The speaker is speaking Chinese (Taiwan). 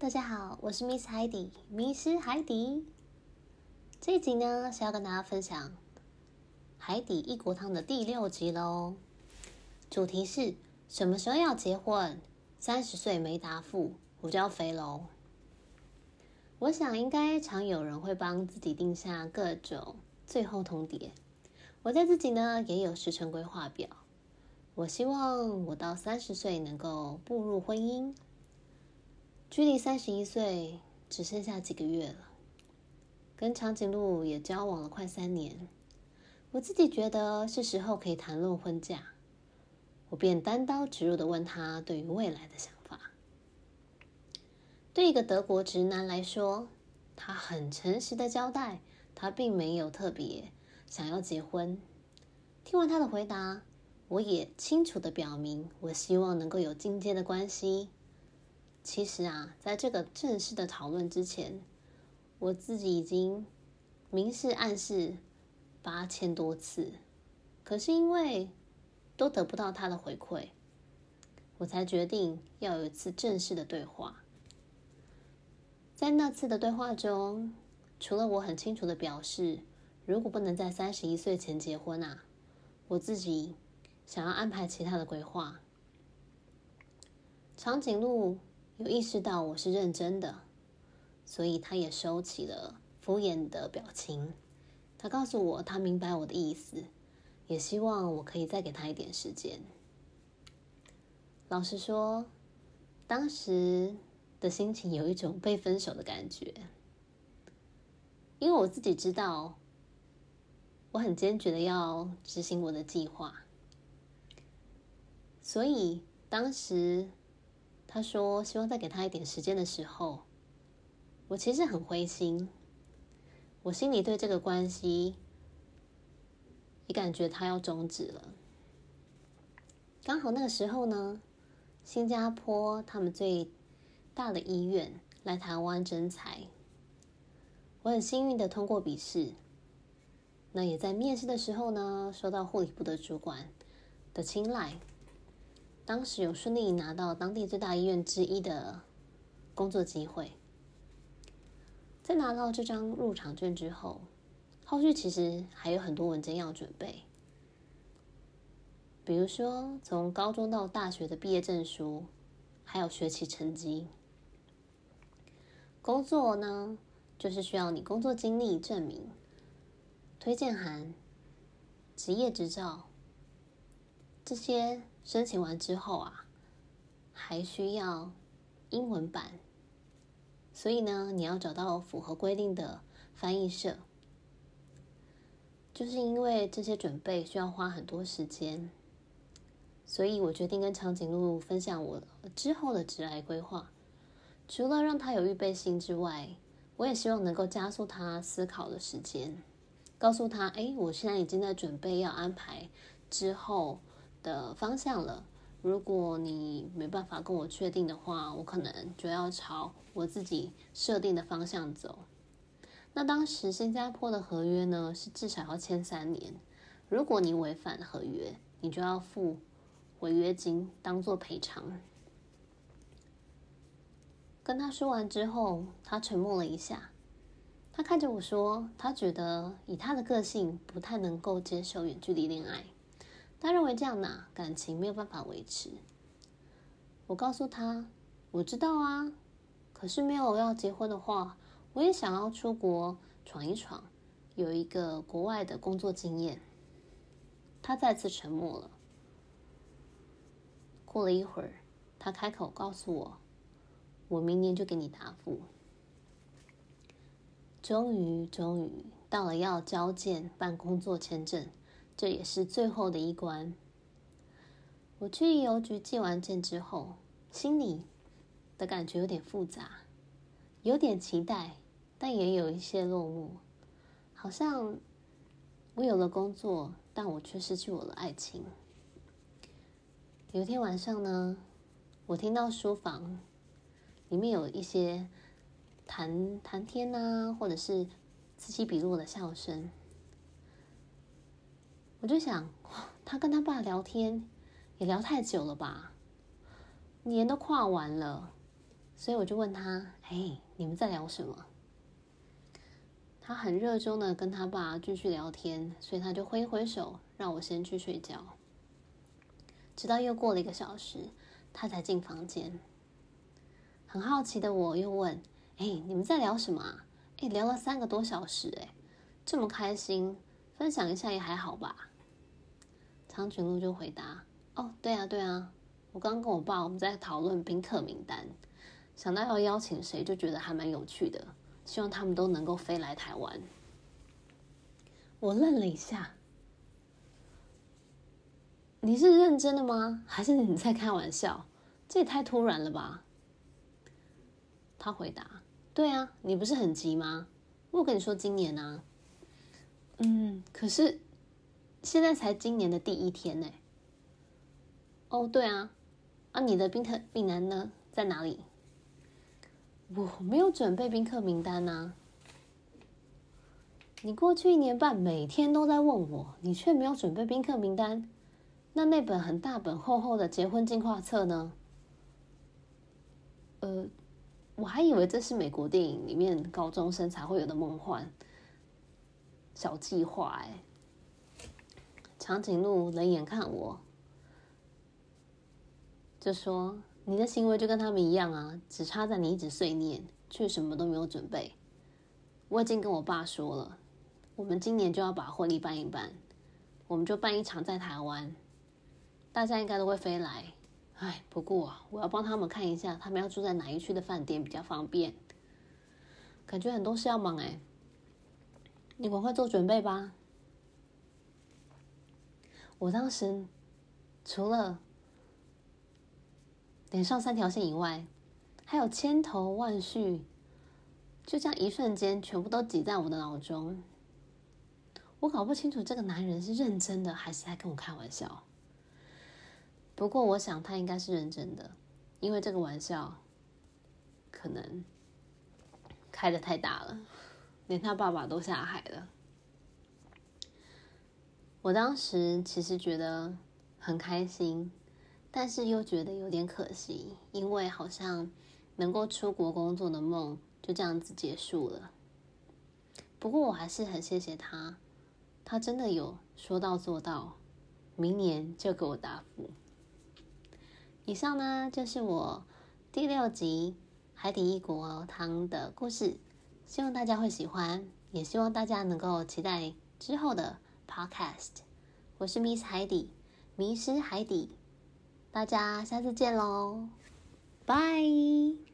大家好，我是 Ms. Heidi，迷失海底。這集呢是要跟大家分享《海底異國湯》的第六集嘍。主題是什麼時候要結婚？三十歲沒答覆，我就要飛嘍。我想應該常有人會幫自己定下各種最後通牒。我對自己呢也有時程規劃表。我希望我到三十歲能夠步入婚姻。距離三十一歲只剩下幾個月了，跟長頸鹿也交往了快三年，我自己覺得是時候可以談論婚嫁，我便單刀直入地問他對於未來的想法。對一個德國直男來說，他很誠實地交代，他並沒有特別想要結婚。聽完他的回答，我也清楚地表明，我希望能夠有進階的關係。其實啊，在這個正式的討論之前，我自己已經明示暗示八千多次，可是因為都得不到他的回饋，我才決定要有一次正式的對話。在那次的對話中，除了我很清楚的表示，如果不能在三十一歲前結婚啊，我自己想要安排其他的規劃，長頸鹿。有意識到我是認真的，所以他也收起了敷衍的表情。他告訴我，他明白我的意思，也希望我可以再給他一點時間。老實說，當時的心情有一種被分手的感覺，因為我自己知道，我很堅決的要執行我的計劃，所以當時。他說：“希望再給他一點時間”的時候，我其實很灰心，我心裡對這個關係也感覺他要終止了。剛好那個時候呢，新加坡他們最大的醫院來台灣徵才，我很幸運的通過筆試，那也在面試的時候呢，受到護理部的主管的青睞。當時有順利拿到當地最大醫院之一的工作機會。在拿到這張入場券之後，後續其實還有很多文件要準備，比如說從高中到大學的畢業證書，還有學習成績。工作呢，就是需要你工作經歷證明、推薦函、職業執照這些。申請完之後啊，還需要英文版，所以呢，你要找到符合規定的翻譯社。就是因為這些準備需要花很多時間，所以我決定跟長頸鹿分享我之後的職涯規劃。除了讓他有預備心之外，我也希望能夠加速他思考的時間，告訴他：哎，我現在已經在準備要安排之後的方向了。如果你沒辦法跟我確定的話，我可能就要朝我自己設定的方向走。那當時新加坡的合約呢，是至少要簽三年。如果你違反合約，你就要付違約金，當做賠償。跟他說完之後，他沉默了一下。他看着我說：他覺得以他的個性，不太能夠接受遠距離戀愛。他認為這樣呢、啊，感情沒有辦法維持。我告訴他：“我知道啊，可是沒有要結婚的話，我也想要出國闖一闖，有一個國外的工作經驗。”他再次沉默了。過了一會兒，他開口告訴我：“我明年就給你答覆。”終於，終於到了要交件辦工作簽證。這也是最後的一關。我去郵局寄完件之後，心裡的感覺有點複雜，有點期待，但也有一些落寞。好像我有了工作，但我卻失去我的愛情。有一天晚上呢，我聽到書房裡面有一些談談天吶啊，或者是此起彼落的笑聲。我就想，哦，他跟他爸聊天也聊太久了吧，年都跨完了，所以我就問他：“哎，你們在聊什麼？”他很熱衷的跟他爸繼續聊天，所以他就揮揮手讓我先去睡覺。直到又過了一個小時，他才進房間。很好奇的我又問：“哎，你們在聊什麼啊？哎，聊了三個多小時，哎，這麼開心。”分享一下也還好吧。長頸鹿就回答：“哦，對啊，對啊，我剛跟我爸我們在討論賓客名單，想到要邀請誰就覺得還蠻有趣的。希望他們都能夠飛來台灣。”我愣了一下：“你是認真的嗎？還是你在開玩笑？這也太突然了吧？”他回答：“對啊，你不是很急嗎？我跟你說，今年啊。”嗯，可是現在才今年的第一天呢。哦，對啊，啊，你的賓客名單呢？在哪裡？我沒有準備賓客名單啊。你過去一年半每天都在問我，你卻沒有準備賓客名單。那那本很大本厚厚的結婚進化冊呢？呃，我還以為這是美國電影裡面高中生才會有的夢幻。小計劃哎，長頸鹿冷眼看我，就說：“你的行為就跟他們一樣啊，只差在你一直碎念，卻什麼都沒有準備。”我已經跟我爸說了，我們今年就要把婚禮辦一辦，我們就辦一場在台灣，大家應該都會飛來。哎，不過我要幫他們看一下，他們要住在哪一區的飯店比較方便，感覺很多事要忙哎。你趕快做準備吧！我當時除了臉上三條線以外，還有千頭萬緒，就這樣一瞬間全部都擠在我的腦中。我搞不清楚這個男人是認真的還是在跟我開玩笑。不過我想他應該是認真的，因為這個玩笑可能開得太大了。連他爸爸都下海了，我當時其實覺得很開心，但是又覺得有點可惜，因為好像能夠出國工作的夢就這樣子結束了。不過我還是很謝謝他，他真的有說到做到，明年就給我答覆。以上呢，就是我第六集《海底異國湯》的故事。希望大家會喜歡，也希望大家能夠期待之後的 podcast。我是 Ms. Heidi，迷失海底，大家下次見嘍，拜。